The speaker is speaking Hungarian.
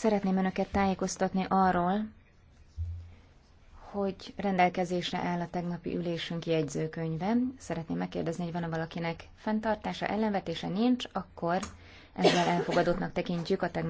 Szeretném önöket tájékoztatni arról, hogy rendelkezésre áll a tegnapi ülésünk jegyzőkönyve. Szeretném megkérdezni, hogy van-e valakinek fenntartása, ellenvetése nincs, akkor ezzel elfogadottnak tekintjük a tegnapi